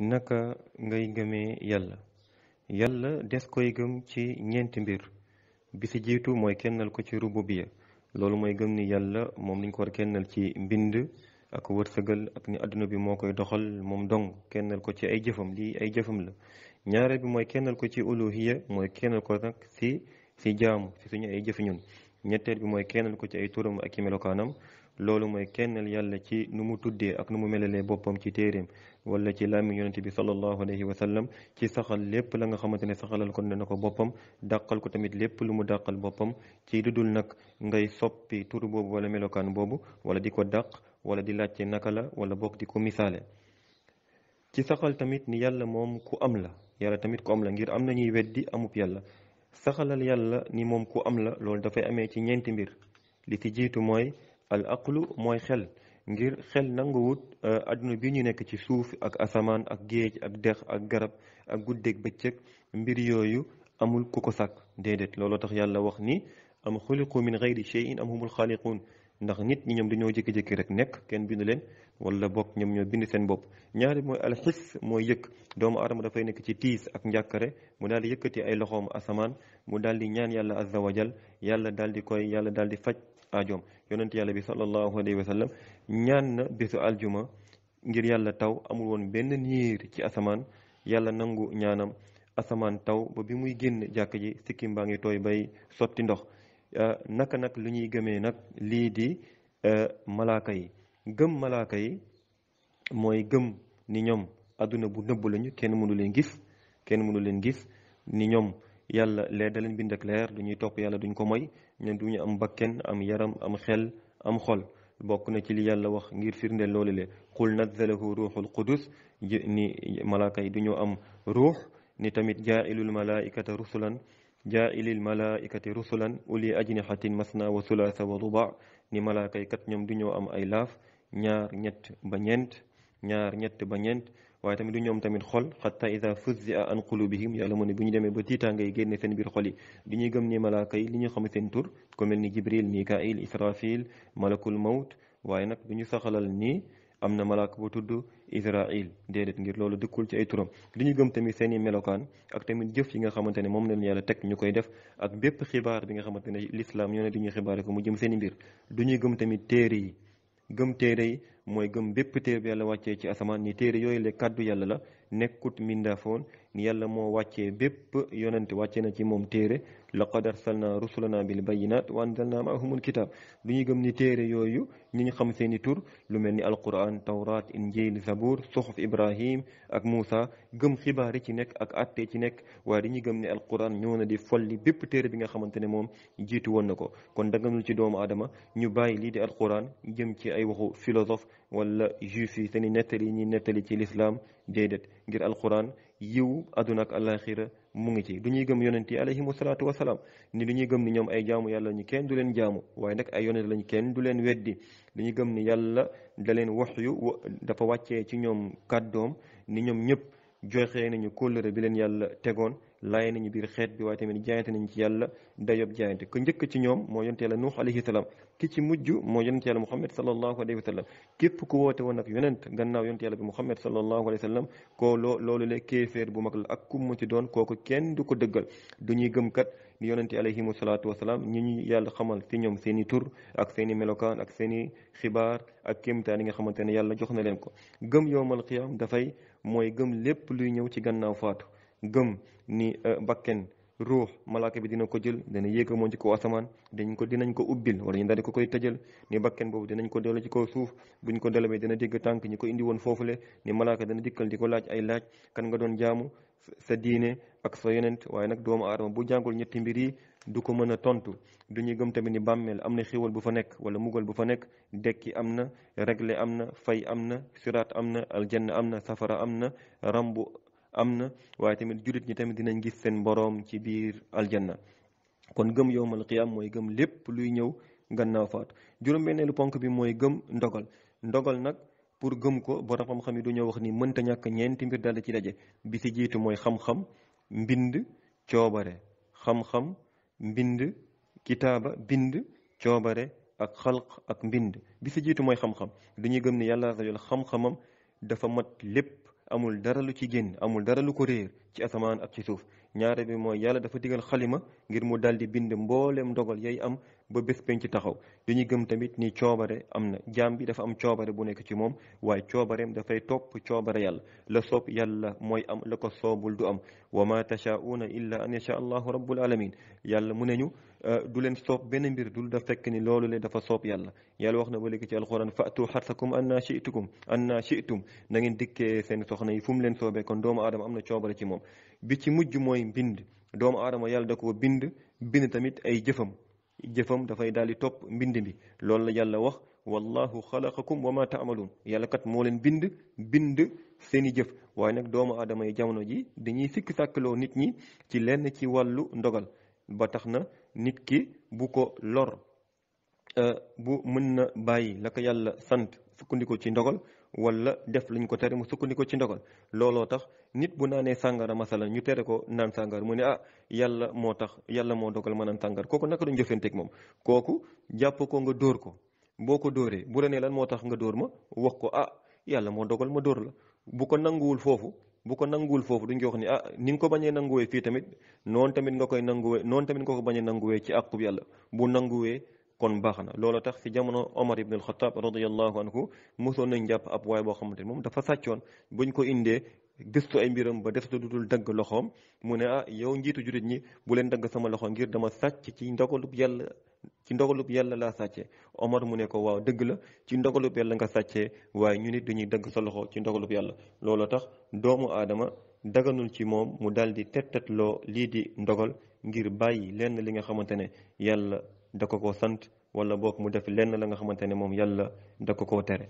naka ngay gëmee yàlla yàlla des koy gëm ci ñeenti mbir bi si jiitu mooy kennal ko ci rububiya loolu mooy gëm ni yàlla moom lañ ko war kennal ci mbind ak wërsëgal ak ni àdduna bi moo koy doxal moom dong kennal ko ci ay jëfam lii ay jëfam la ñaare bi mooy kennal ko ci uluhiya mooy kennal ko nag ci si jaamu si suñu ay jëfi ñetteel bi mooy kennal ko ci ay turam aki melokaanam loolu mooy kennal yàlla ci nu mu tuddee ak nu mu melalee boppam ci téeréem wala ci làmmiñ yonent bi sallallahu alayhi wa sallam ci saxal lépp la nga xamante ne saxalal ko ne na ko boppam daqal ko tamit lépp lu mu dàqal boppam ci dudul nag ngay soppi tur boobu wala melokaan boobu wala di ko daq wala di laajte naka la wala bokk di ko misaale ci saxal tamit ni yàlla moom ku am la yàlla tamit ku am la ngir am na ñuy weddi amub yàlla saxalal yàlla ni moom ku am la loolu dafay amee ci ñeenti mbir li ci jiitu mooy al mooy xel ngir xel nanguwut euh, adduna bi ñu nekk ci suuf ak asamaan ak géej ak dex ak garab ak guddeeg bëccëg mbir yooyu amul ku ko sàkk déedéet looloo tax yàlla wax ni am xuliqu min gayri cheyin am humul xaaliquun ndax nit ñoom di dañoo jékki-jékki rek nekk kenn bind leen wala bokk ñoom ñoo bind seen bopp ñaari mooy alxis mooy yëkk doomu aadama dafay nekk ci tiis ak njàkkare mu daal di yëkkati ay loxoom asamaan mu daal di ñaan yàlla azza wa jal yàlla daal di koy yàlla daal di faj aajoom yonent yàlla bi sallallahu alayhi wa sallam ñaan na bésu aljuma ngir yàlla taw amul woon benn niir ci asamaan yàlla nangu ñaanam asamaan taw ba bi muy génn jàkk ji sikkim baa ngi tooy bay sotti ndox Euh, naka nag lu ñuy gëmee nag lii di euh, malaaka yi gëm malaaka yi mooy gëm ni ñoom àdduna bu nëbb lañu kenn mënu leen gis kenn mënu leen gis ni ñoom yàlla leer da bind ak leer du ñuy topp yàlla duñ ko moy ñun du ñu am bakken am yaram am xel am xol bokk na ci li yàlla wax ngir firndeel loolu le qul nazzalahu ruuxul qudus ni yi du ñu am ruux ni tamit jaailul malaikata rusulan jaaili lmalaaikati rusulan uli ajnihatin masna wa sulaasa wa ruba ni malaaka yi kat ñoom du ñoo am ay laaf ñaar ñett ba ñeent ñaar ñett ba ñeent waaye tamit du ñoom tamit xol xatta ida fuzzi'a bi qulubihim yàlla mu ne bu ñu demee ba tiitaanga yi génne seen biir xol yi du ñuy gëm ni malaaka yi li ñu xam seen tur ku mel ni jibril mikail israfil malakul mawt waaye nag du ñu saxalal nii am na malaaka bu tudd Israil déedéet ngir loolu dëkkul ci ay turam du ñuy gëm tamit seen i melokaan ak tamit jëf yi nga xamante ne moom lañu yàlla teg ñu koy def ak bépp xibaar bi nga xamante ne lislaam ñoo ne dañuy xibaare ko mu jëm seeni i mbir du ñuy gëm tamit téere yi gëm téere yi mooy gëm bépp téere bi yàlla wàccee ci asamaan ni téere yooyu le kàddu yàlla la nekkut mindaafoon ni yàlla moo wàccee bépp yonent wàccee na ci moom téere laqad arsalna rusulana bil bayinat wa anzalna maahumul kitab lu ñuy gëm ni téere yooyu ñi ñu xam seeni tur lu mel ni alquran tawrat injil zabur suxuf ibrahim ak moussa gëm xibaar yi ci nekk ak atte ci nekk waaye dañuy gëm ne alquran ñëw na di folli bépp téere bi nga xamante ne moom jiitu woon na ko kon daganul ci doomu aadama ñu bàyyi lii di alquran jëm ci ay waxu philosophe wala juif yi seeni nettali ñuy nettali ci lislaam déedéet ngir alxuraan yiw aduna ak alaxira mu ngi ci du ñuy gëm yonent yi alayhimu salaatu wasalaam ni du ñuy gëm ni ñoom ay jaamu yàlla ñu kenn du leen jaamu waaye nag ay yonent lañ kenn du leen weddi du ñuy gëm ni yàlla da leen wax waxyu dafa wàcce ci ñoom kàddoom ni ñoom ñëpp joxe nañu kóllëre bi leen yàlla tegoon laay nañu biir xeet bi waaye tamit jaayante nañ ci yàlla dayob jaayante ko njëkk ci ñoom moo yonte yàlla nuux alayhi salaam ki ci mujj moo yonte yàlla muhammad sallallahu alayhi wa sallam képp ku woote woon ak yonent gannaaw yonte yàlla bi muhammad sallallahu alayhi wa sallam koo loo loolu le kéeféer bu mag la ak ku mu ci doon kooku kenn du ko dëggal du ñuy gëm kat ni yonente alayhimu salaatu wasalaam ñi ñu yàlla xamal ci ñoom seen i tur ak seen i melokaan ak seen xibaar ak kéemtaan yi nga xamante ne yàlla jox na leen ko gëm yowmal qiyaam dafay mooy gëm lépp luy ñëw ci gannaaw faatu gëm ni euh, bakken ruux malaaka bi dina ko jël dana yéega moom ci kaw asamaan dañ ko dinañ ko ubbil wala ñu daal di ko koy tëjal ni bakken boobu dinañ ko delloo ci kaw suuf buñ ko delobee dana dégg tànk ñi ko indi woon foofule ni malaaka dana dikkal di ko laaj ay laaj kan nga doon jaamu sa diine ak sa yonent waaye nag doomu aadama bu jàngul ñetti mbir yi du ko mën a tontu du ñuy gëm tamit ni bàmmeel am na xéwal bu fa nekk wala mugal bu fa nekk dekki am na regle am na fay am na siraat am na aljanna am na safara am na rambu am na waaye tamit jullit ñi tamit dinañ gis seen boroom ci biir aljanna kon gëm yowmal qiyaam mooy gëm lépp luy ñëw gannaaw faat juróom-benneelu ponk bi mooy gëm ndogal ndogal nag pour gëm ko borom xam-xam yi du ñoo wax ni mënta ñàkk ñeenti mbir daal ci daje bi ci jiitu mooy xam-xam mbind coobare xam-xam mbind kitaaba bind coobare ak xalq ak mbind bi si jiitu mooy xam-xam du ñuy gëm ni yàlla azza wajal xam-xamam dafa mat lépp amul dara lu ci génn amul dara lu ko réer ci asamaan ak ci suuf ñaara bi mooy yàlla dafa digal xalima ngir mu daldi bind mbooleem ndogal yay am ba bés penc taxaw li ñu gëm tamit ni coobare am na jaam bi dafa am coobare bu nekk ci moom waaye coobareem dafay topp coobare yàlla la soob yàlla mooy am la ko soobul du am wa ma tashaa'uuna illa an yasha allahu rabbul alamin yàlla mu neñu Euh, du leen soob benn mbir dul da fekk ni loolu le dafa soob yàlla yàlla wax na ba léegi ci alxuraan fatu xarsakum anna chitukum anna chitum na ngeen dikkee seen soxna yi fu leen soobee kon doomu aadama am na coobare ci bi ci mujj mooy mbind doomu aadama yàlla da koo bind bind tamit ay jëfam jëfam dafay daal di topp mbind bi loolu la yàlla wax wallahu xalaqakum wa ma taamaluun yàlla kat moo leen bind bind seeni jëf waaye nag doomu aadama yi jamono ji dañuy sikk sàkkloo nit ñi ci lenn ci wàllu ndogal ba tax na nit ki bu ko lor euh, bu mën na bàyyi la yàlla sant sukkandiku ci ndogal wala def lañ ko tere mu sukkandiku ci ndogal looloo tax nit bu naanee sàngara masala ñu tere ko naan sàngara mu ne ah yàlla moo tax yàlla moo dogal ma naan sàngara kooku naka duñ jëfenteeg moom kooku jàpp ko nga dóor ko boo ko dóoree bu la lan moo tax nga dóor ma wax ko ah yàlla moo dogal ma dóor la bu ko nanguwul foofu bu ko nanguwul foofu duñ ko wax ni ah ni nga ko bañee nanguwee fii tamit noonu tamit nga koy nanguwee noonu tamit nga ko bañee nanguwee ci àqub yàlla bu nanguwee kon baax na loolu tax si jamono Omar ibn al-Khattab radiyallahu anhu mosoon nañ jàpp ab waay boo xamante ne moom dafa sàccoon buñ ko indee gëstu ay mbiram ba def lu dul dagg loxoom mu ne ah yow njiitu jurit ñi bu leen dagg sama loxo ngir dama sàcc ci ndogalub yàlla ci ndogalub yàlla laa sàccee Omar mu ne ko waaw dëgg la ci ndogalub yàlla nga sàccee waaye ñu nit dañuy dagg sa loxo ci ndogalub yàlla looloo tax doomu aadama daganul ci moom mu daal di tettatloo lii di ndogal ngir bàyyi lenn li nga xamante ne yàlla da ko ko sant wala boog mu def lenn la nga xamante ne moom yàlla da ko koo tere